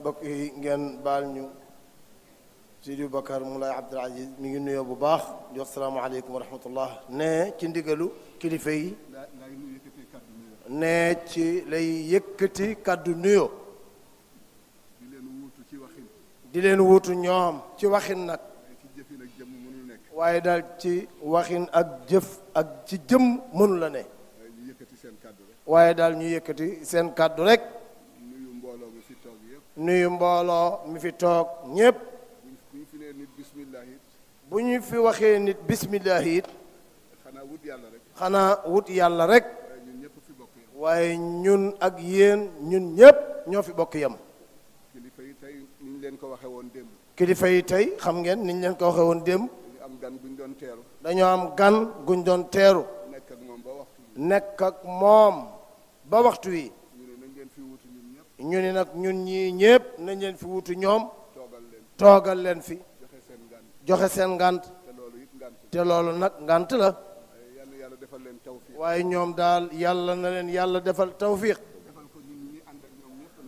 mbokk yi ngeen baal ñu Sidi Bakar Moulay Abdoul Aziz mi ngi nuyoo bu baax di wax salaamaaleykum wa rahmatullah ne ci ndigalu kilifa yi ne ci lay yëkkati kàddu nuyoo di leen wuutu ñoom ci waxin nag waaye daal ci waxin ak jëf ak ci jëm mënu la ne waaye daal ñu yëkkati seen kàddu rek nuyu mbooloo mi fi toog ñépp bu ñu fi waxee nit bismillah it xanaa wut yàlla rek xanaa wut yàlla rek waaye ñun ak yéen ñun ñépp ñoo fi bokk yam kilifa yi tey leen ko waxee woon démb kilifa yi tey xam ngeen niñ leen ko waxee woon démb dañoo am gan guñ doon teeru dañoo am gan guñ doon teeru nekk ak moom ba waxtu wi ñu ni nag ñun ñii ñépp nañ leen fi wutu ñoom toogal leen fi joxe seen ngant te loolu nag ngant la waaye ñoom daal yàlla na leen yàlla defal tawfiq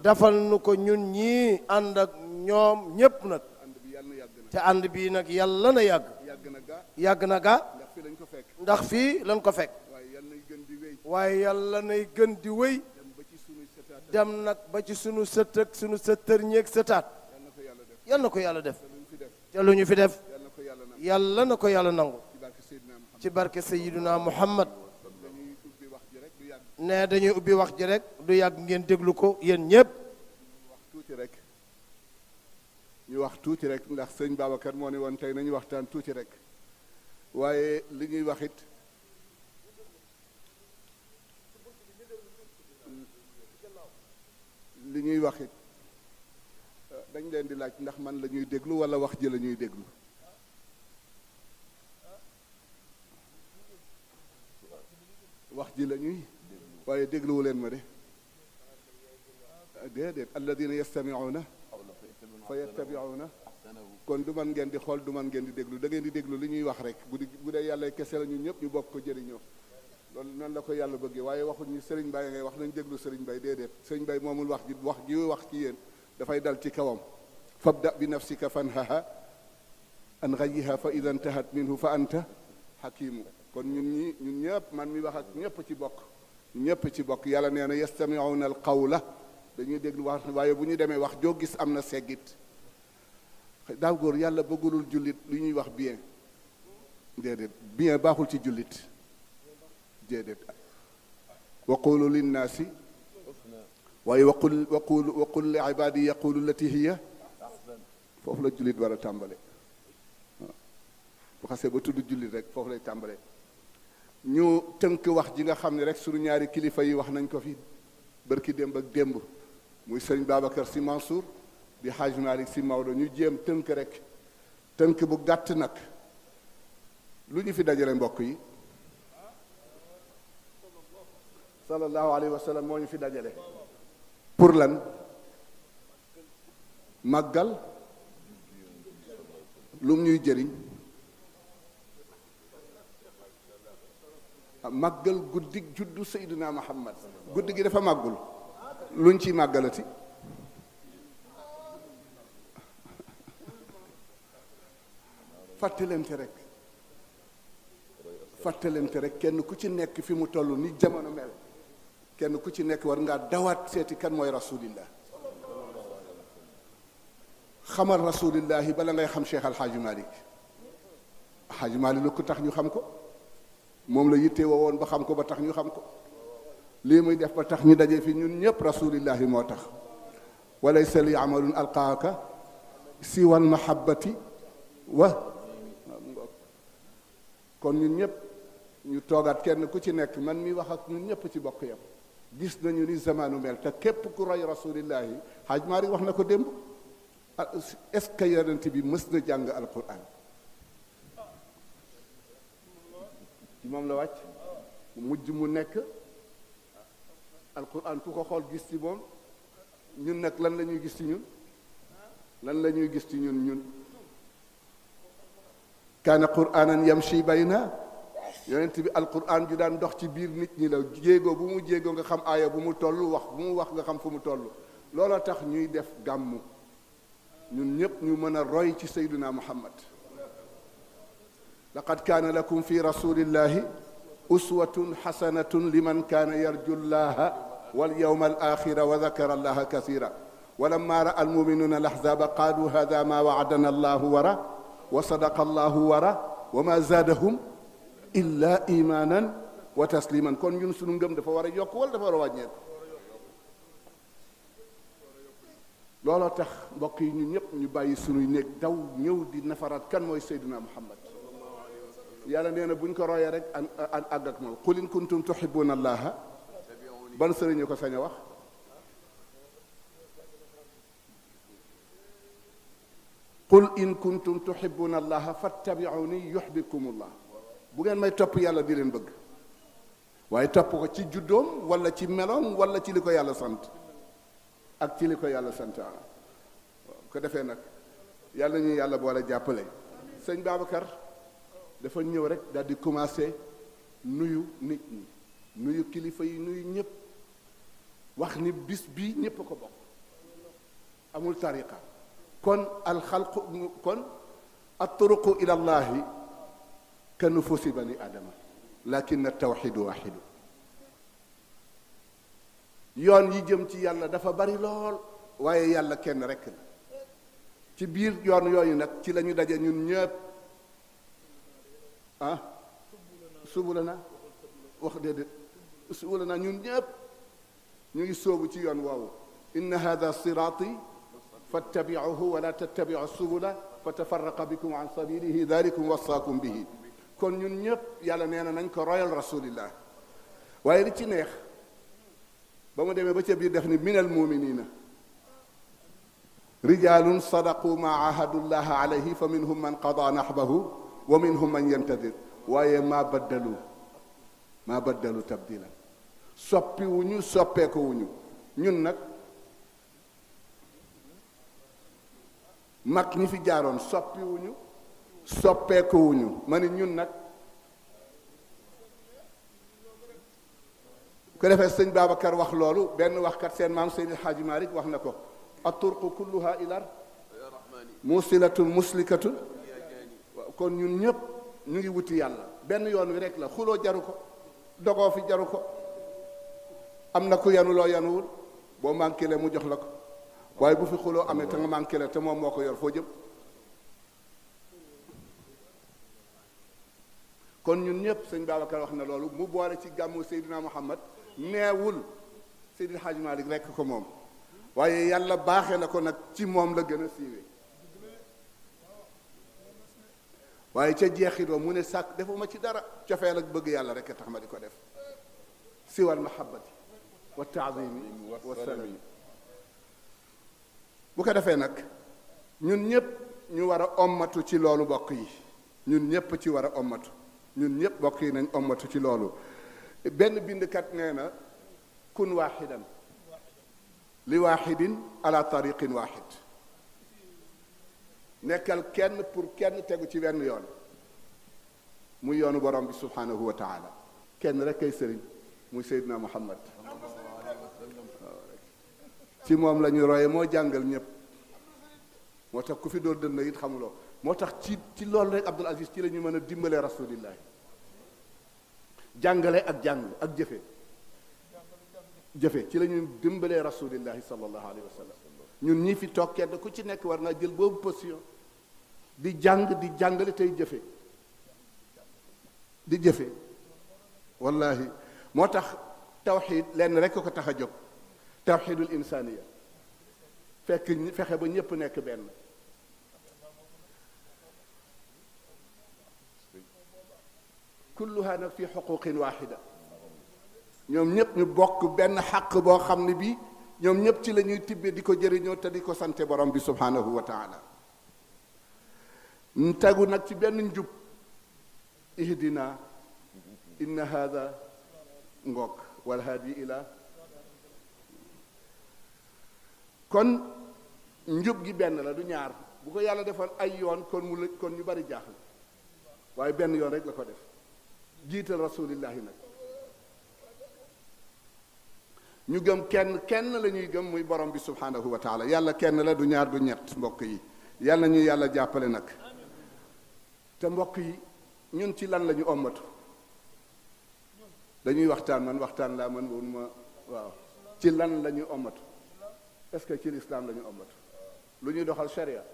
defal nu ko ñun ñii ànd ak ñoom ñépp nag te ànd bii nag yàlla na yàgg yàgg na gaa ndax fii lañ ko fekk waaye yàlla nay gën di wéy dem nag ba ci sunu sët ak sunu sëtër ñeeg sëtaat yal na ko yàlla def te lu fi def ko nangu ci barke muhammad ne dañuy ubbi wax ji rek du yàgg ngeen déglu ko yéen ñépp ñu wax tuuti rek ndax sëñ Babacar moo ne woon tey nañu waxtaan tuuti rek li ñuy li ñuy wax it euh, dañ leen di laaj ndax man la ñuy déglu wala wax ji lañuy déglu wax ji la ñuy waaye dégluwu leen ma de ah, déedéet alladina yastamiuuna fa yattabiuuna kon du man ngeen di xool du man ngeen di déglu da ngeen di déglu li ñuy wax rek bu bu dee yàlla kese la ñun ñëpp ñu bokk ko jëriñoo lool noonu la ko yàlla bëggee waaye waxuñ ni sëriñ Baye ngay wax nañ déglu sëriñ bay déedéet sëriñ bay moomul wax ji wax ji wax ci yéen dafay dal ci kawam fabda bi nafsika fanhaha an ghayyiha fa ida intahat minhu fa anta hakimu kon ñun ñi ñun ñëpp man mi wax ak ñëpp ci bokk ñëpp ci bokk yàlla nee na yastami'una al qawla dañuy déglu wax waaye bu ñu demee wax joo gis am na seggit daaw góor yàlla bëggulul jullit li ñuy wax bien déedéet bien baaxul ci jullit déedéet waqulu linnaasi waaye waqul waqul waqul li ibaadi yaqulu lati hiya foofu la jullit war a tàmbale bu xasee ba tudd jullit rek foofu lay tàmbale ñu tënk wax ji nga xam ne rek sunu ñaari kilifa yi wax nañ ko fi bërki démb ak démb muy sëriñ Babacar Sy Mansour di Hadj Malick Sy Maodo ñu jéem tënk rek tënk bu gàtt nag lu ñu fi dajale mbokk yi sallallahu alayhi wa sallam moo ñu fi dajale pour lan màggal lum ñuy jëriñ ah, màggal guddi juddu Seydina Muhammad guddi gi dafa màggul luñ ci màggalati fàttalente rek fàttalente rek kenn ku ci nekk fi mu toll ni jamono mel كان كوتشي نيك ورنغا دوات سيتي كان موي رسول الله خمر رسول الله بلا غي خم شيخ الحاج مالك الحاج مالك لو كنت نيو خمكو موم لا ييتي وون با خمكو با تخ نيو خمكو لي موي ديف با تخ ني داجي في نيون نييب رسول الله موتاخ وليس لي عمل القاك سوى المحبه و كون نيون نييب ñu togat kenn ku ci nekk man mi wax ak ñun ñëpp ci bokk yam gis nañu ni zamanu mel te képp ku roy rasulillahi xaaj maari wax na ko démb ah, est-ce que yonent bi mës na jàng alquran ci moom la wàcc mujj mu nekk alquran ku ko xool gis ci moom ñun nag lan la ñuy gis ci ñun lan la ñuy gis ci ñun ñun kaana quranan yamshi bayna yonent bi alquran ju daan dox ci biir nit ñi la jéego bu mu jéego nga xam aaya bu mu toll wax bu mu wax nga xam fu mu toll loola tax ñuy def gàmmu ñun ñëpp ñu mën a roy ci sayduna muhammad laqad kaana lakum fi rasulillahi uswatun xasanatun liman kaana yarju llaha واليوم الآخر وذكر الله كثيرا ولما رأى المؤمنون الأحزاب قالوا هذا ما وعدنا الله وراء وصدق الله وراء وما زادهم الا ايمانا وتسليما كون يون سونو گم دا فا ورا يوك ولا دا فا ورا واجنيت لولا تخ بقي ني نيب ني باي سونو نيك داو نيو دي نفرات كان موي سيدنا محمد يالا نينا بون كو روي رك ان ادك مول قل ان كنتم تحبون الله بان سيرني كو ساني واخ قل ان كنتم تحبون الله فاتبعوني يحبكم الله bu ngeen may topp yàlla di leen bëgg waaye topp ko ci juddoom wala ci meloom wala ci li ko yàlla sant ak ci li ko yàlla sant ko defee nag yàlla ñu yàlla boole jàppale sëñ Babacar dafa ñëw rek daal di commencé nuyu nit ñi nuyu kilifa yi nuyu ñëpp wax ni bis bii ñëpp ko bokk amul tariqa kon alxalqu kon atturuqu ila allahi كنفوس بني ادم لكن التوحيد واحد يون يجم تي يالا دا باري لول واي يالا كين رك تي بير يون يوي نك تي لا ني نيب ها سبولنا واخ ديد سبولنا نيون نيب نيي سوبو تي يون واو ان هذا صراطي فاتبعوه ولا تتبعوا السبل فتفرق بكم عن سبيله ذلكم وصاكم به kon ñun ñëpp yàlla nee na nañ ko royal rasulillah waaye li ci neex ba mu demee ba ca biir def ni minal muminina rijalun sadaqu ma ahadullah alayhi fa minhum man qada nahbahu wa minhum man yantadir waaye maa baddalu maa baddalu tabdilan soppiwuñu wuñu ñun nag mag ñi fi jaaroon wuñu soppeekuwuñu ma ne ñun nag ko defee sëñ Babacar wax loolu benn waxkat seen maam Seydi Hadji Malick wax na ko الطرق كلها إلى موصلة مسلكة kon ñun ñëpp ñu ngi wuti yàlla benn yoon wi rek la xuloo jaru ko dogoo fi jaru ko am na ku yanu loo yanuwul boo manqué le mu jox la ko waaye bu fi xuloo amee te nga manqué le te moom moo ko yor foo jëm kon ñun ñëpp sëñ Babacar wax na loolu mu boole ci gàmmu Seydina Muhammad neewul Seydina Hadj malik rek ko moom waaye yàlla baaxee na ko nag ci moom la gën a siiwee waaye ca jeexit wa mu ne sàkk defuma ci dara cofeel ak bëgg yàlla rek tax ma di ko def siwal mahabbati wa taazimi wa salami bu ko defee nag ñun ñëpp ñu war a ommatu ci loolu bokk yi ñun ñëpp ci war a ommatu ñun ñëpp bokk yi nañ ommatu ci loolu benn bindkat nee na kun waaxidan li waaxidin ala tariqin waaxid nekkal kenn pour kenn tegu ci wenn yoon muy yoonu borom bi subhanahu wa taala kenn rek kay sëriñ muy seydina muhammad ci moom la ñu roye moo jàngal ñëpp moo tax ku fi dóor dënn it xamuloo moo tax ci ci loolu rek Abdul Aziz ci la ñu mën a dimbalee rasulillahi jàngale ak jàng ak jëfe jëfe ci la ñu dimbalee rasulillahi sallallahu alayhi wa sallam ñun ñi fi toog kenn ku ci nekk war naa jël boobu position di jàng di jàngale tey jëfe di jëfe wallahi moo tax tawxid lenn rek ko tax a jóg tawxidul insaniya fekk fexe ba ñépp nekk benn kulluha fi xuquqin waxida ñoom ñëpp ñu bokk benn xàq boo xam ne bii ñoom ñëpp ci la ñuy tibbe di ko jëriñoo te di ko sante borom bi subhanahu wa taala tegu nag ci benn njub ihdina inna hada ngoog wal hadi ila kon njub gi benn la du ñaar bu ko yàlla defoon ay yoon kon mu kon ñu bari jaaxle waaye benn yoon rek la ko def jiital rasulillahi nag ñu gëm kenn kenn la ñuy gëm muy borom bi subhanahu wa taala yàlla kenn la du ñaar du ñett mbokk yi yàlla ñu yàlla jàppale nag te mbokk yi ñun ci lan la ñu ommatu dañuy waxtaan man waxtaan laa man woon ma waaw ci lan la ñu ommatu est ce que ci lislaam la ñu ommatu lu ñuy doxal sharia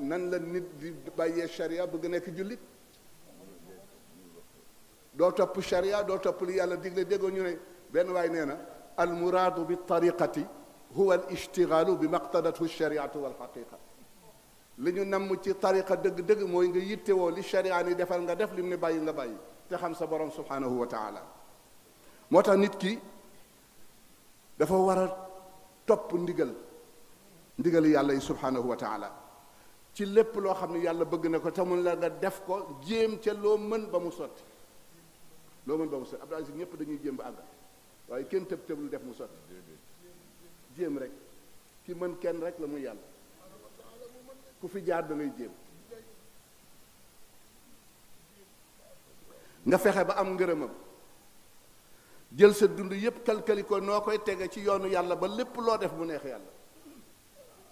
nan la nit di baye sharia bëgg nek julit do top sharia do top li yàlla digle déggoo ñu ne ben way néna al muraadu bi tariqati huwa al ishtigaalu bi maqtadathu shariatu wal haqiqa li ñu nam ci tariqa deug deug moy nga yitté wo li sharia ni defal nga def limni ne bàyyi nga bàyyi te xam sa borom subhanahu wa taala motax nit ki dafa wara top ndigal ndigal yàlla subhanahu wa taala ci lépp loo xam ne yàlla bëgg na ko te mun la nga def ko jéem ca loo mën ba mu sotti loo mën ba mu sotti Abdou Aziz ñëpp dañuy jéem ba àgg waaye kenn tëb tëb lu def mu sotti jéem rek ki mën kenn rek la muy yàlla ku fi jaar da ngay jéem nga fexe ba am ngërëmam jël sa dund yépp kalkali ko noo koy tege ci yoonu yàlla ba lépp loo def mu neex yàlla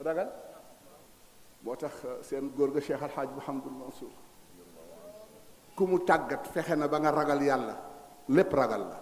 ragal moo tax euh, seen góor ga Cheikh Alhaaj Mouhamadul Mansour ku mu tàggat fexe na ba nga ragal yàlla lépp ragal la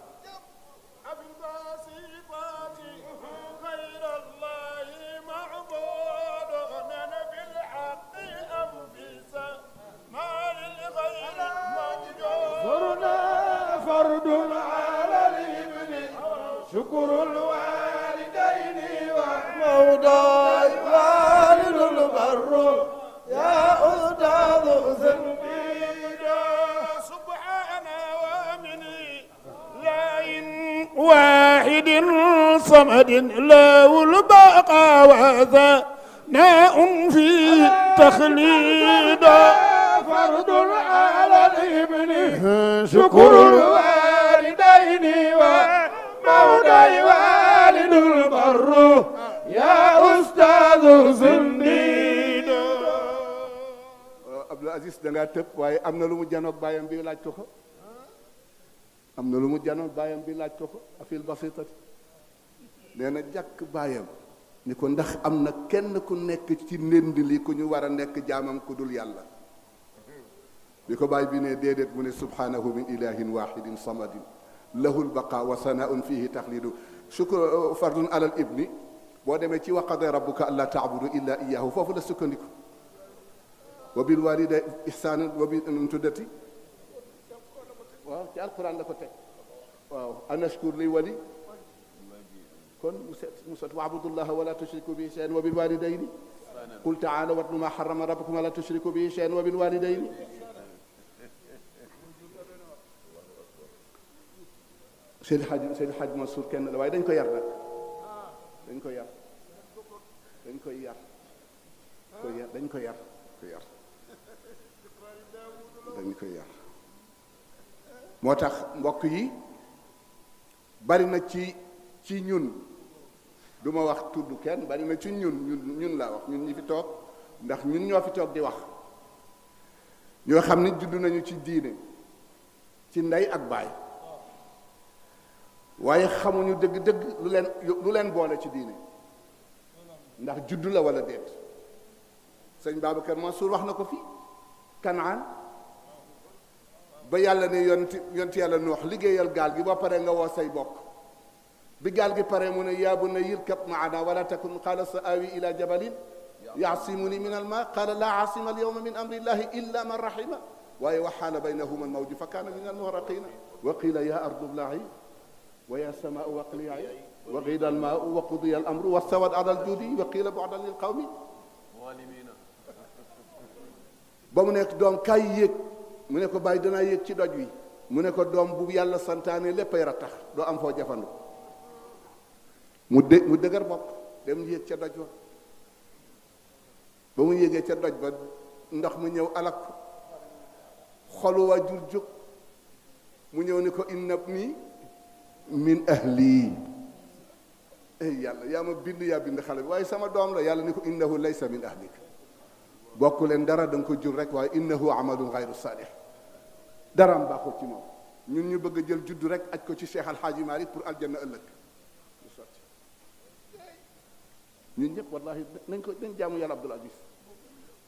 ناء في تخليد فرد على الابن شكر الوالدين ومولاي والد البر يا استاذ زنديد عبد العزيز دا تب واي امنا لو مجانوك بايام بي لاجتوكو امنا لو مجانوك بايام بي لاجتوكو افيل بسيطه نانا جاك بايام ni ko ndax am na kenn ku nekk ci ndend li ku ñu war a nekk jaamam ku dul yàlla bi ko bàyyi bi ne déedéet mu ne subhanahu min ilahin wahidin samadin lahu lbaqa wa sanaun fihi taxlidu shukr fardun ala al ibni boo demee ci waqada rabbuka alla tabudu illa iyahu foofu la sukkandiku wa bil walida ihsanan wa bi tuddati waaw ci alquran la ko teg waaw anashkur li wali كن مسات واعبدوا الله ولا تشركوا به شيئا وبالوالدين قل تعالى واتلوا ما حرم ربكم ولا تشركوا به شيئا وبالوالدين سيد الحاج سيد الحاج منصور كان الواي دنجو يار نك دنجو يار دنجو يار كو يار دنجو يار كو يار دنجو يار موتاخ مبوك يي بارينا تي تي نيون duma wax tudd kenn bari ma ci ñun ñun ñun la wax ñun ñi fi toog ndax ñun ñoo fi toog di wax ñoo xam ne judd nañu ci diine ci ndey ak baay waaye xamuñu dëgg-dëgg lu leen lu leen boole ci diine ndax judd la wala déet sëñ Babacar Mansour wax na ko fi kanaan ba yàlla ne yonti yonti yàlla noox liggéeyal gaal gi ba pare nga woo say bokk bi gaal gi pare mu ne yaa bunayya irkab maana wala takun qaala sa aawi ila jabalin yaasimuni min alma qaala laa aasima alyawma min amri illahi illa man rahima waaye wa xaala baynahuma almawju fa kaana min almuhraqina wa qiila yaa ardu blaaci wa yaa samaau aqlici wa qiila almaau wa qudiya alamru wastawat ala aljudi wa qiila bucdan lilqawmi ba mu nekk doom kaay yéeg mu ne ko bàyyi danaa yéeg ci doj wi mu ne ko doom bu yàlla santaane léppay rattax doo am foo jafandu mu dé mu dëgër bopp dem yéeg ca doj wa ba mu yéegee ca doj ba ndox mu ñëw alak ko xolu waajur jóg mu ñëw ni ko inna nii min ahli ay yàlla yaa ma bind yaa bind xale bi waaye sama doom la yàlla ni ko innahu laysa min ahlik bokk leen dara da nga ko jur rek waaye innahu amalun xayru saalih daraam baaxul ci moom ñun ñu bëgg a jël juddu rek aj ko ci Cheikh Al Hadji Malick pour aljanna ëllëg ñun ñëpp wallahi nañ ko nañ jaamu yàlla Abdul Aziz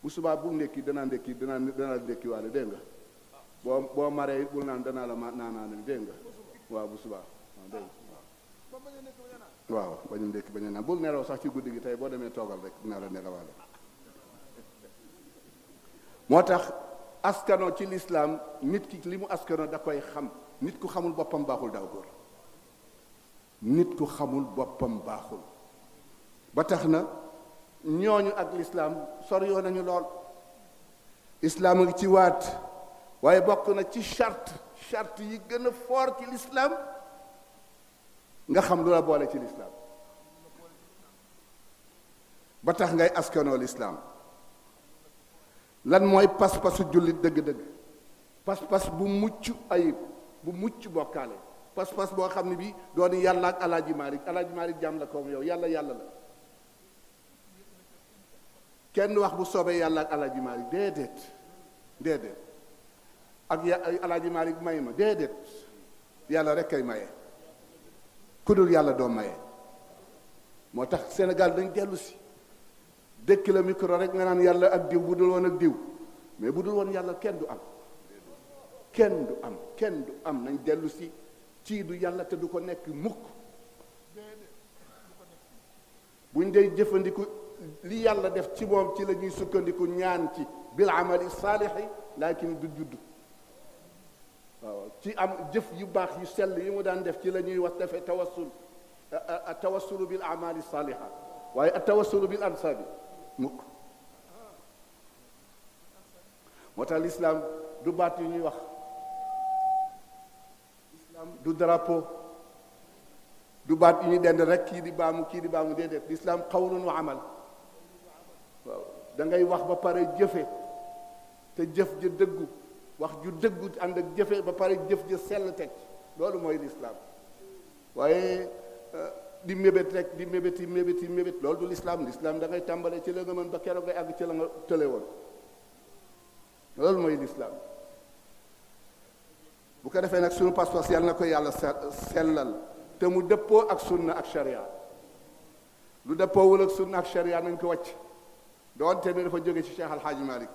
bu subaa bu ndekki danaa ndekki danaa danaa ndekki waale dégg nga boo boo maree bul naan danaa la ma naanaane dégg nga waaw bu subaa waaw dégg nga waaw a ndekki bañ naan bul nelaw sax ci guddi gi tey boo demee toogal rek dina la nelawaale moo tax askano ci lislaam nit ki li mu askano da koy xam nit ku xamul boppam baaxul daaw góor nit ku xamul boppam baaxul ba tax na ñooñu ak lislaam soriyoo nañu lool islaam ngi ci waat waaye bokk na ci charte charte yi gën a fort ci lislaam nga xam lu la boole ci lislaam ba tax ngay askanoo lislaam lan mooy pas-pasu jullit dëgg-dëgg pas-pas bu mucc ayib bu mucc bokkaale pas-pas boo xam ne bi doon yàlla ak alaaji maalik alaaji maalik jàmm la koom yow yàlla yàlla la kenn wax bu soobee yàlla ak alaaji Malick déedéet déedéet ak ya alaaji Malick may ma déedéet yàlla rek kay maye ku dul yàlla doo maye moo tax Sénégal dañ dellu si dëkk la micro rek nga naan yàlla ak diw bu dul woon ak diw mais bu dul woon yàlla kenn du am kenn du am kenn du am nañ dellu si ci du yàlla te du ko nekk mukk buñ dee jëfandiku li yàlla def ci moom ci la ñuy sukkandiku ñaan ci bil amal saalixi laakin du judd waaw ci am jëf yu baax yu sell yi mu daan def ci la ñuy wax defe tawassul atawassulu bil amali saaliha waaye atawassulu bil ansaabi mukk moo tax lislaam du baat yu ñuy wax lislaam du drapeau du baat yu ñuy dend rek kii di baamu kii di baamu déedéet lislaam qawlun wa amal waaw da ngay wax ba pare jëfe te jëf ja dëggu wax ju dëggu ànd ak jëfe ba pare jëf ja sell teg loolu mooy lislaam waaye euh, di mébét rek di mébéti yi mébét yi loolu du lislaam lislaam da ngay tàmbale ci la nga mën ba keroog a àgg ci la nga tële woon loolu mooy lislaam bu ko defee nag sunu pas-pas yàlla na ko yàlla sellal te mu dëppoo ak sunna ak sharia lu dëppoowul ak sunna ak sharia nañ ko wàcc دون تي دا فا جوغي سي شيخ الحاج مالك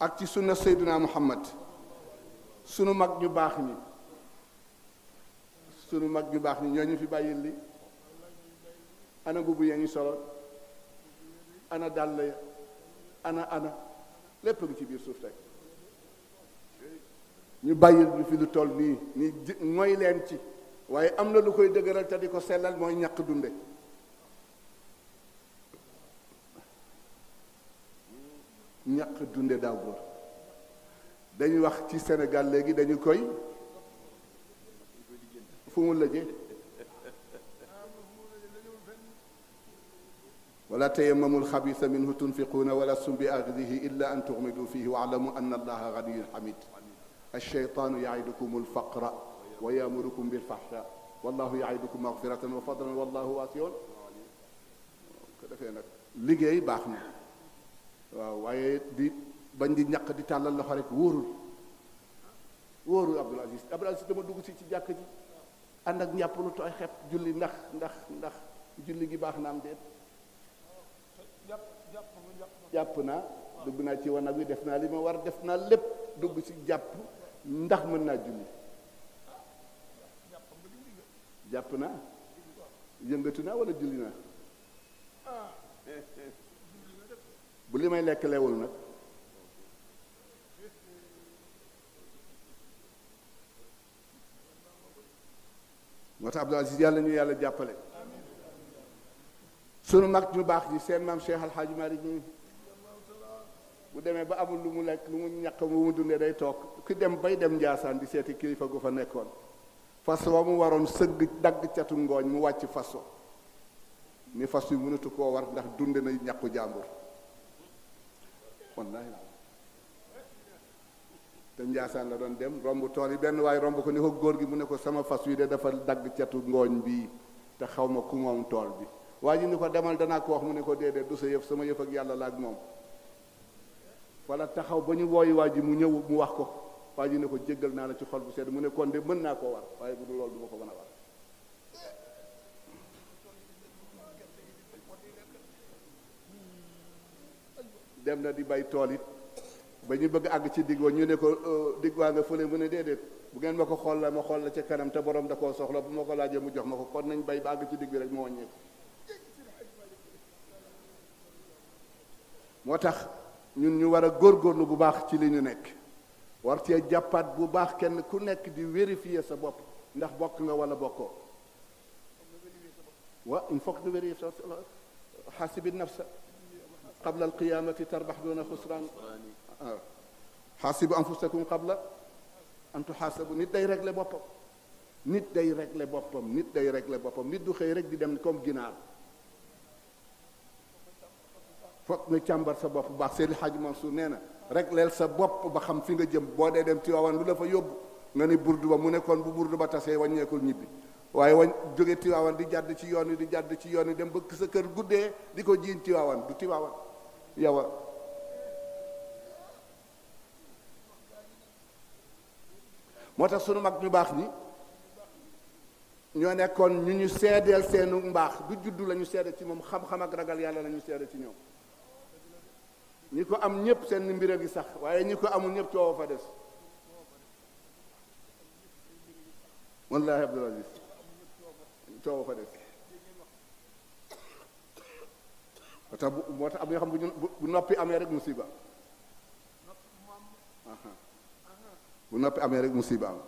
اك سي سنه سيدنا محمد سونو ماك ني باخ ني سونو ماك ني باخ ني ني في بايل لي انا بوبو ياني سولو انا دال لي انا انا لپ لو سي بير سوف تك ني بايل ني في لو تول ني ني موي لين تي واي ام لو كوي دغرال تا ديكو سلال موي نياك دوندي ñaq dunde wax ci Sénégal koy fu mu ولا تيمموا الخبيث منه تنفقون ولا سم بأغذه إلا أن تغمدوا فيه واعلموا أن الله غني حميد الشيطان يعدكم الفقر ويأمركم بالفحشاء والله يعدكم مغفرة وفضلا والله واسع لجي باخنا waaw waaye di bañ di ñaq di tàllal loxo rek wóorul wóorul Abdul Aziz Abdul Aziz dama dugg si ci jàkk ji ànd ak ñàpp lu tooy xepp julli ndax ndax ndax julli gi baax na am déet jàpp naa dugg naa ci wanag wi def naa li ma war def naa lépp dugg si jàpp ndax mën naa julli jàpp naa yëngatu naa wala julli naa ah. bu li may lekk leewul nag moo tax Abdou Aziz yàlla ñu yàlla jàppale sunu mag ñu baax ñi seen maam Cheikh Alxaaji Maalik ñi bu demee ba amul lu mu lekk lu mu ñàkk lu mu dundee day toog ku dem bay dem Njaasaan di seeti kilifa gu fa nekkoon fas wa mu waroon sëgg dagg catu ngooñ mu wàcc fas wa ni fas wi mënatu koo war ndax dunde na ñàkku jàmbur wallaahi te Njaasaan la doon dem romb tool yi benn waaye romb ko ni ko góor gi mu ne ko sama fas wi de dafa dagg catu ngooñ bi te xaw ma ku moom tool bi waa ji ni ko demal danaa ko wax mu ne ko déedéet du sa yëf sama yëf ak yàlla la ak moom wala xaw ba ñu wooyu waa ji mu ñëw mu wax ko waa ji ne ko jëggal naa la ci xol bu sedd mu ne kon de mën naa ko war waaye bu dul loolu du ma ko mën a war dem na di bay tool ba ñu bëgg àgg ci digg wa ñu ne ko digg waa nga fële mu ne déedéet bu ngeen ma ko xool la ma xool la ca kanam te borom da koo soxla bu ma ko laajee mu jox ma ko kon nañ bay ba àgg ci digg bi rek moo wàññeeku moo tax ñun ñu war a góorgóorlu bu baax ci li ñu nekk war cee jàppaat bu baax kenn ku nekk di vérifier sa bopp ndax bokk nga wala bokkoo wa il faut que ñu vérifier sa xaasibi nafsa قبل القيامة تربح دون خسران آه. حاسبوا أنفسكم قبل أن تحاسبوا نيت داي رجل بابا نيت داي رجل بابا نيت داي رجل بابا نيت دو خيرك دي دم نكم جنار فوق نتشامبر سبب باك سيد حاج منصور نينا رجل السبب بخم فينجا جم بودة دم تيوان لولا فيوب ngani burdu ba mu nekkoon bu burdu ba tasee wàññeekul ñibbi waaye wañ jóge tiwaawan di jàdd ci yoon di jàdd ci yoon dem ba sa kër guddee di ko jiin du tiwaawan يوا moo tax sunu mag ñu baax ñi ñoo nekkoon ñu ñu seedeel seenu mbaax du juddu la ñu seede ci moom xam-xam ak ragal yàlla la ñu seede ci ñoom ñi ko am ñëpp seen mbir a gi sax waaye ñi ko amul ñëpp coow fa des wallahi abdul aziz coow fa des te bu moo tax am yoo xam bu ñu bu noppi amee rek musiba bu noppi amee rek musiba am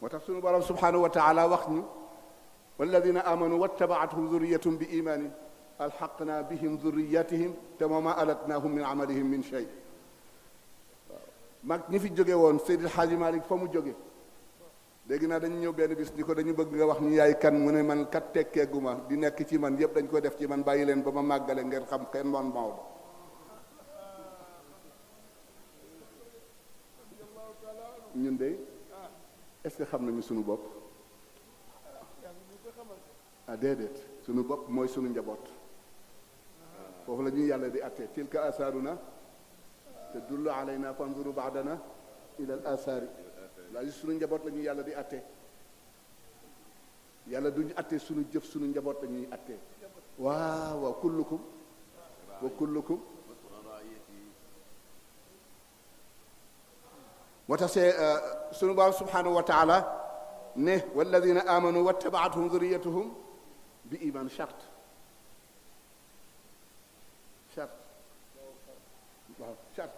moo tax sunu borom subhanahu wa taala wax ñu walladina amanu wattabaatuhum zurriyatum bi imaanin alxaqna bihim zurriyatihim te wa ma alatnahum min amalihim min shay mag ñi fi jóge woon Seydil Xaaji Malik fa mu jóge léegi nag dañu ñëw benn bis ni ko dañu bëgg nga wax ñu yaay kan mu ne man kat tekkeeguma di nekk ci man yépp dañ ko def ci man bàyyi leen ba ma màggale ngeen xam kenn moon Maodo ñun de est xam nañu suñu bopp ah bopp mooy sunu njaboot foofu la ñuy yàlla di atte tilka na te dullu alayna fanzuru baadana ila al asaari لا سونو نجابوت لا نيو يالا دي اتي يالا دو ني اتي سونو جيف سونو نجابوت لا نيو اتي واو كلكم وكلكم وتسي سونو باب سبحانه وتعالى نه والذين امنوا واتبعتهم ذريتهم بايمان شرط شرط شرط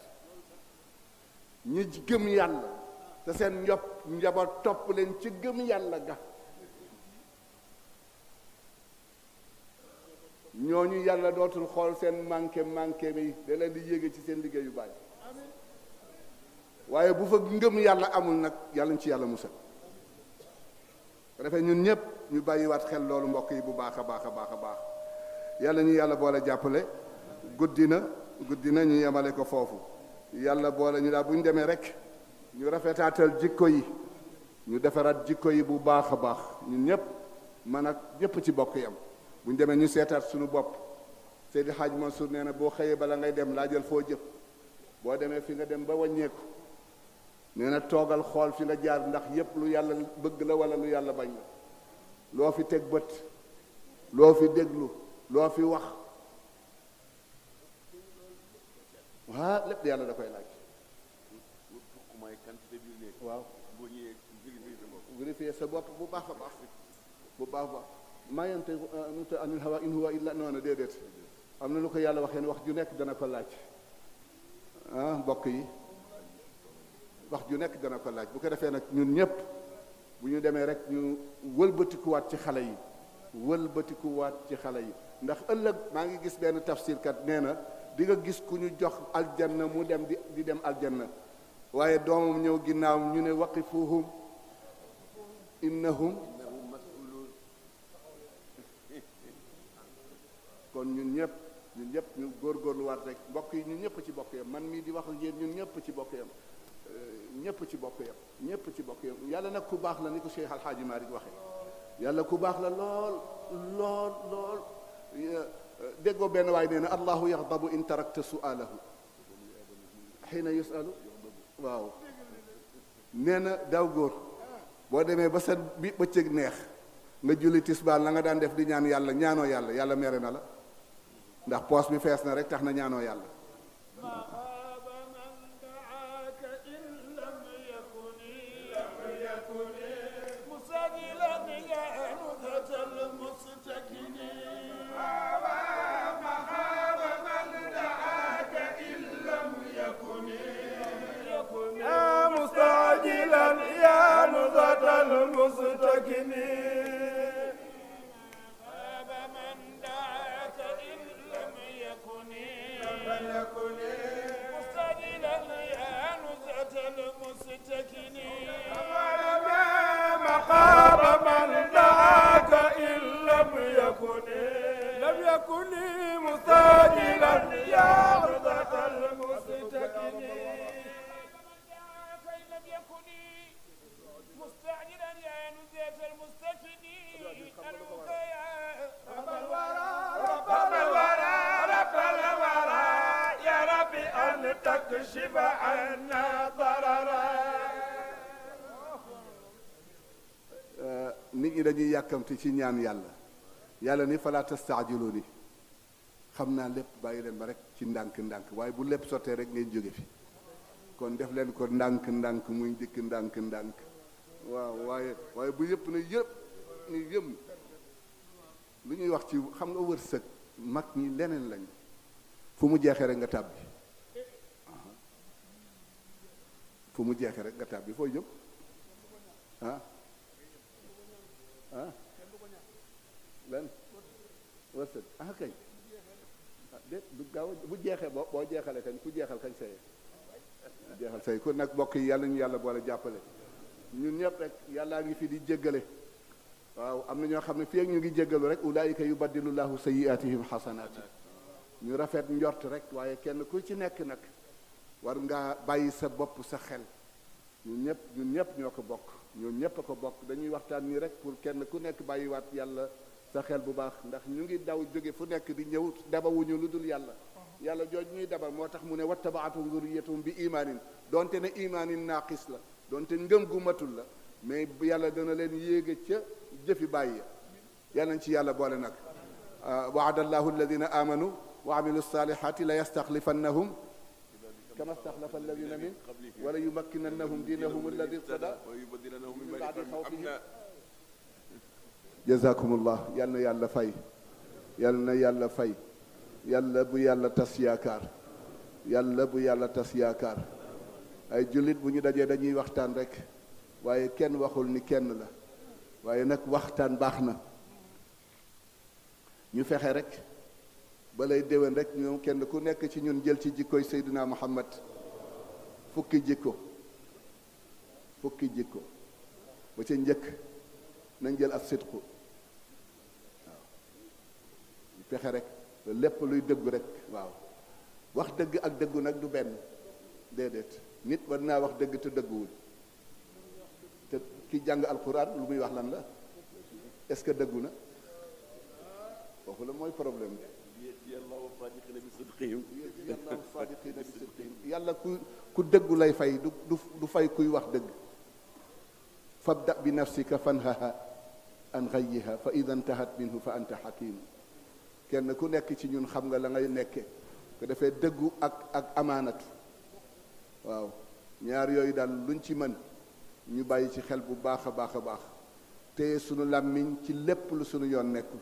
ني جيم يالا te seen njaboot topp leen ci gëm yàlla ga ñu yàlla dootul xool seen manqué manqué bi da leen di yéege ci seen liggéeyu baay waaye bu fa ngëm yàlla amul nag yàlla ci yàlla musal refee ñun ñëpp ñu bàyyiwaat xel loolu mbokk yi bu baax a baax a baax a baax yàlla ñu yàlla boole jàppale guddi na guddi na ñu yemale ko foofu yàlla boole ñu daal bu ñu demee rek ñu rafetaatal jikko yi ñu defaraat jikko yi bu baax a baax ñun ñëpp man ak ñëpp ci bokk yam bu ñu demee ñu seetaat suñu bopp Seydi Hadj Mansour nee na boo xëyee bala ngay dem laajal foo jëm boo demee fi nga dem ba wàññeeku nee na toogal xool fi nga jaar ndax yépp lu yàlla bëgg la wala lu yàlla bañ la loo fi teg bët loo fi déglu loo fi wax waa lépp yàlla da koy laaj léegi waaw boo ñëwee vérifier sa bopp vérifier sa bopp bu baax a baax bu baax a baax maa yantiqu anil hawaa in huwa illa noonu déedéet am na lu ko yàlla waxeen wax ju nekk dana ko laaj ah mbokk yi wax ju nekk dana ko laaj bu ko defee nag ñun ñëpp bu ñu demee rek ñu wëlbatikuwaat ci xale yi wëlbatikuwaat ci xale yi ndax ëllëg maa ngi gis benn tafsirkat nee na di nga gis ku ñu jox aljanna mu dem di di dem aljanna waye doomam ñëw ginaaw ñu ne waqifuhum innahum kon ñun ñëpp ñun ñëpp ñu gor gor lu war rek mbokk yi ñun ñëpp ci bokk yam man mi di wax ak yéen ñun ñëpp ci bokk yam ñëpp ci bokk yam ñëpp ci bokk yam yàlla nak ku bax la ni ko Cheikh Al Hadji Malick waxee yàlla ku bax la lol lol lol deggo ben way neena allah allahu in tarakta su'alahu hina yusalu waaw nee na daaw góor boo demee ba sa bi bëccëg neex nga julli tisbaar la nga daan def di ñaan yàlla ñaanoo yàlla yàlla mere na la ndax poos bi fees na rek tax na ñaanoo yàlla المستكنين مقام من دعاك إن لم يكن لم dañuy yàkkamti ci ñaan yàlla yàlla ni falaata tastaajilu ni xam naa lépp bàyyi leen ba rekk ci ndànk-ndànk waaye bu lépp sottee rek ngeen jóge fi kon def leen ko ndànk-ndànk muy njëkk ndànk-ndànk waaw waaye waaye bu yépp ne yëpp ne yëm lu ñuy wax ci xam nga wërsëg mag ñi leneen lañ fu mu jeexee rek nga tàbbi fu mu jeexee rek nga tàbbi foo jëm ah. ah lan wërsëg kañ du gaaw bu jeexee boo boo jeexalee kañ ku jeexal kañ saye jeexal say kon nag mbokk yi yàlla ñu yàlla boole jàppale ñun ñëpp rek yàllaa ngi fi di jéggale waaw am na ñoo xam ne fii ak ñu ngi jéggalu rek ulaayika yubaddilullaahu sayyi'aatihim xasanaati ñu rafet njort rek waaye kenn ku ci nekk nag war ngaa bàyyi sa bopp sa xel ñun ñëpp ñun ñëpp ñoo ko bokk ñoom ñépp a ko bokk dañuy waxtaan ni rek pour kenn ku nekk bàyyiwaat yàlla sa xel bu baax ndax ñu ngi daw jóge fu nekk di ñëw dabawuñu lu dul yàlla yàlla jooj ñuy daba moo tax mu ne wattabaatu zuriyatum bi imaanin donte ne imaanin naaqis la donte ngëm gu matul la mais yàlla dana leen yéege ca jëfi bàyyi yàlla nañ ci yàlla boole nag waada allahu alladina amanu wa amilu salihati la yastaxlifannahum كما استخلف الذين من وليمكننهم دينهم الذي ارتدى ويبدلنهم من بعد خوفهم جزاكم الله يالنا يالا فاي يالنا يالا فاي يالا بو يالا تسياكار يالا بو يالا تسياكار اي جوليت بو ني داجي داني وقتان رك واي كين واخول ني كين لا واي نك وقتان باخنا ني فخه رك balay déwén rek ñoom kenn ku nekk ci ñun jël ci jikkoy Seydina Muhammad fukki jikko fukki jikko ba ca njëkk nañ jël ak sidqu waaw fexe rek lépp luy dëggu rek waaw wax dëgg ak dëggu nag du benn déedéet nit war naa wax dëgg te dëgguwul te ki jàng alquran lu muy wax lan la est-ce que dëggu na foofu la mooy problème bi yàlla ku ku dëggu lay fay du du fay kuy wax dëgg fabda bi nafsika fanhaha an xayyiha fa ida ntahat minhu fa anta xakim kenn ku nekk ci ñun xam nga la ngay nekke ko defee dëggu ak ak amaanatu waaw ñaar yooyu daal luñ ci mën ñu bàyyi ci xel bu baax a baax a baax te sunu làmmiñ ci lépp lu sunu yoon nekkul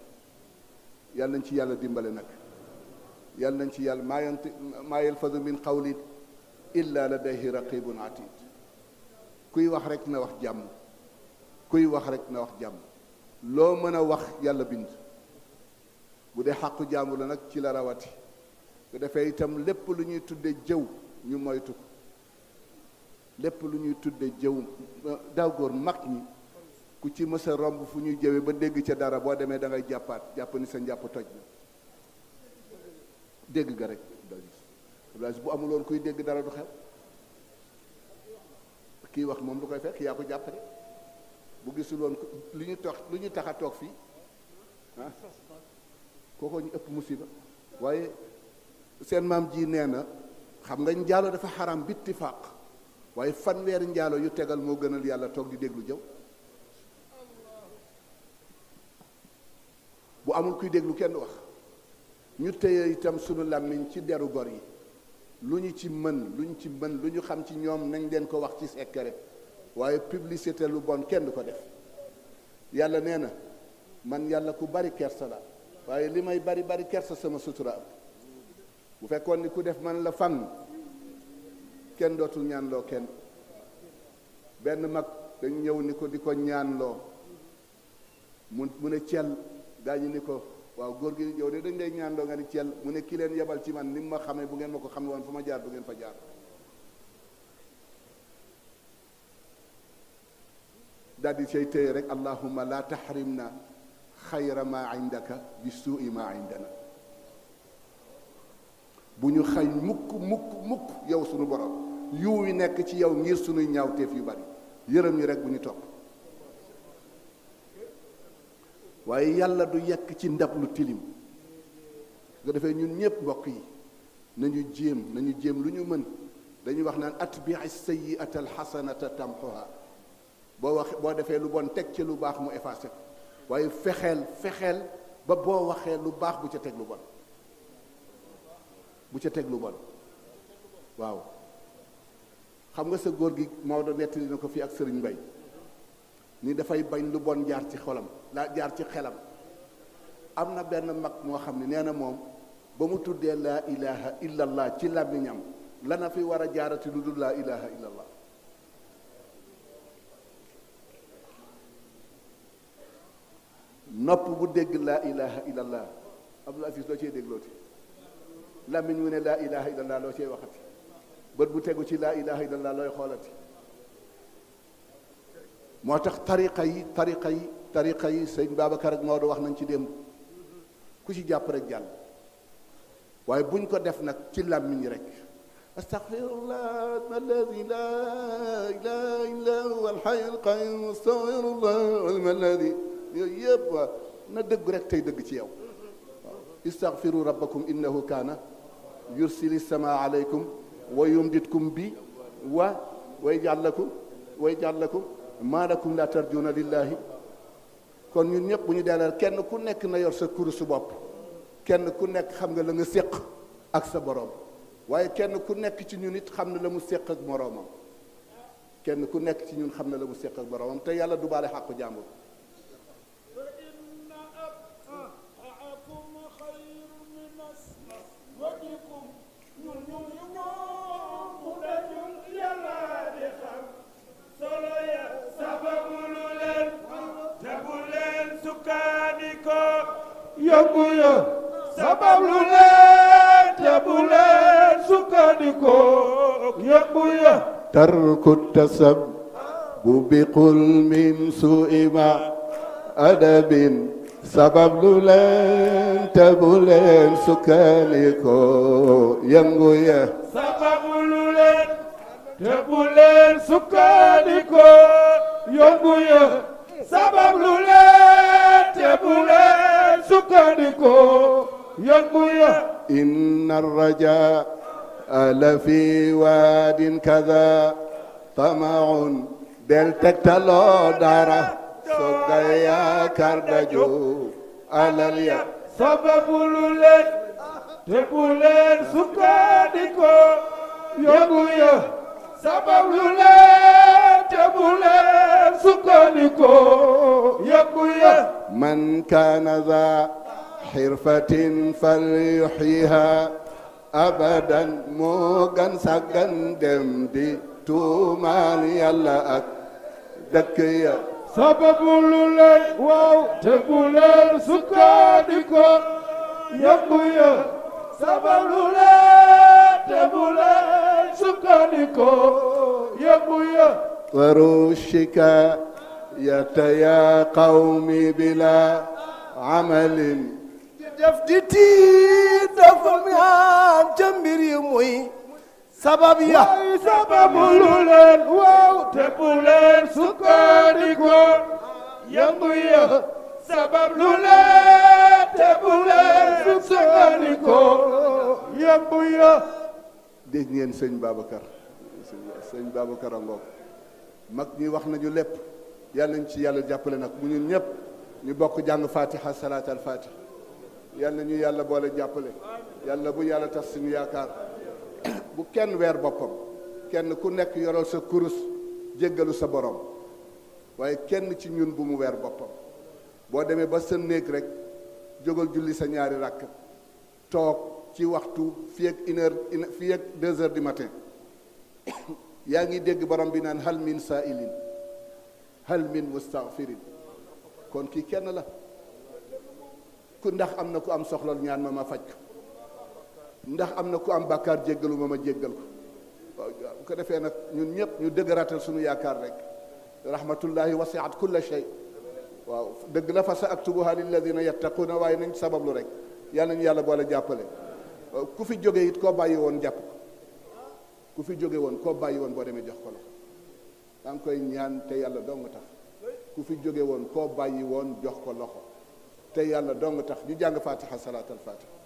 yàlla nañ ci yàlla dimbale nag yàlla nañ ci yàlla maa yanti maa yalfazu min qawlin illa ladayhi raqibun atid kuy wax rek na wax jàmm kuy wax rek na wax jàmm loo mën a wax yàlla bind bu dee xàqu jàmm la nag ci la rawati bu defee itam lépp lu ñuy tudde jëw ñu moytu ko lépp lu ñuy tudde jëw daaw góor mag ñi ku ci mës romb fu ñuy jëwee ba dégg ca dara boo demee da jàppaat jàpp ni sa njàpp toj na dégg ga rek doy na bu amuloon kuy dégg dara du xew kii wax moom lu koy fekk yaa ko jàppale bu gisuloon lu ñu toog lu ñu tax a toog fii ah kookoo ñu ëpp musiba waaye seen maam jii nee na xam nga njaalo dafa xaram bittifaaq waaye fanweeri njaalo yu tegal moo gënal yàlla toog di déglu jëw bu amul kuy déglu kenn wax ñu téye itam sunu làmmiñ ci deru gor yi lu ñu ci mën lu ñu ci mën lu xam ci ñoom nañ leen ko wax ci secret waaye publicité lu bon kenn du ko def yàlla nee na man yàlla ku bari kersa la waaye li may bari bari kersa sama sutura bu fekkoon ni ku def man la fang kenn dootul ñaanloo kenn benn mag dañ ñëw ni ko di ko ñaanloo mu mu ne cel daañu ni ko waaw góor gi yow de dañ lay ñaan doo nga ni ceel mu ne ki leen yebal ci man ni mu ma xamee bu ngeen ma ko xam woon fu ma jaar du ngeen fa jaar daal di say téye rek allahuma la taxrim na xayra ma indaka bi suui ma indana bu ñu xañ mukk mukk mukk yow sunu borom yiw nekk ci yow ngir sunuy ñaw ñaawteef yu bari yërëm ñi rek bu ñu topp waaye yàlla du yekk ci ndab lu tilim su ko defee ñun ñëpp mbokk yi nañu jéem nañu jéem lu ñu mën dañuy wax naan atbii sayiata alxasanata tamxuha boo wax boo defee lu bon teg ci lu baax mu effacé ko waaye fexeel fexeel ba boo waxee lu baax bu ca teg lu bon bu ca teg lu bon waaw xam nga sa góor gi Maodo nettali na ko fii ak Sëriñ bay ni dafay bañ lu bon jaar ci xolam la jaar ci xelam amna ben mak mo xamni neena mom ba mu tuddé la ilaha illa allah ci ñam la na fi wara jaarati lu dul laa ilaha allah nopp bu dégg la ilaha illa illallah abdul asis loo cee déglooti làmmiñ wu ne la ilaha illa allah lo ci waxati bët bu tegu ci la ilaha illa allah loy xolati moo tax tariqa yi tariqa yi tariqa yi sëñ Babacar ak Maodo wax nañ ci démb ku ci jàpp rek jàll waaye buñ ko def nag ci làmmiñ rek astaghfirullah alladhi la ilaha illa huwa alhayy alqayyum astaghfirullah alladhi yooyu yëpp na dëgg rek tey dëgg ci yow استغفروا ربكم إنه كان يرسل السماء عليكم ويمددكم بي و ويجعل لكم ويجعل لكم ما لكم لا ترجون لله كون ني نيب بو ني دالال كين كو نيك نا يور سا كورس بوب كين كو نيك خامغا لا نغ سيق اك سا بوروم واي كين كو نيك تي ني نيت خامنا لا مو سيق اك موروم كين كو نيك تي ني خامنا لا مو سيق اك بوروم تا يالا دوبالي حق جامبو yokku ya sabab lu bu bi qul min suima adabin sabab lu leen te leen sukkandikoo yangu te bu leen sukkandikoo yoon bu ya inna arraja la fi waadin kada tamaun del tegtaloo dara sogga yaakaar dajo alal ya sababu lu leen te bu leen sukkandikoo yoon ya sababu من كان ذا حرفة فليحيها أبدا موغن سقا دمدي تومان يلا أك دكيا سبب لولي واو تبولي سكادكو يبويا سبب لولي تبولي سكادكو يبويا وروشكا يد يا قومي بلا عمل def di tiit dafa mi am ca mbir sabab ya way sababu lu leen waaw bu ya sabab lu leen te ya ñi wax nañu yal nañ ci yàlla jàppale nag mu ñun ñëpp ñu bokk jàng fatiha salaatal fatiha yal ñu yàlla boole jàppale yàlla bu yàlla tas suñu yaakaar bu kenn weer boppam kenn ku nekk yoral sa kurus jéggalu sa borom waaye kenn ci ñun bu mu weer boppam boo demee ba sa néeg rek jógal julli sa ñaari rakk toog ci waxtu fii ak une heure ak deux heures du matin yaa ngi dégg borom bi naan hal min saa ilin هل من مستغفر كون كي كان لا كون داخ امنا كو ام سوخلو نيان ماما فاج داخ امنا كو ام بكار جيغلو ماما جيغل كو كو دافي نك نون نيب ني دغراتال سونو ياكار رك رحمه الله وسعت كل شيء واو دغ لا فسا اكتبها للذين يتقون واي نين سبب لو رك يالا نيو يالا بولا جابالي كو في جوغي يت كو بايي وون جاب كو في جوغي وون كو بايي وون بو ديمي جوخ كو da nga koy ñaan te yàlla dong tax ku fi jóge woon koo bàyyi woon jox ko loxo te yàlla dong tax ñu jàng fatiha salaatal fatiha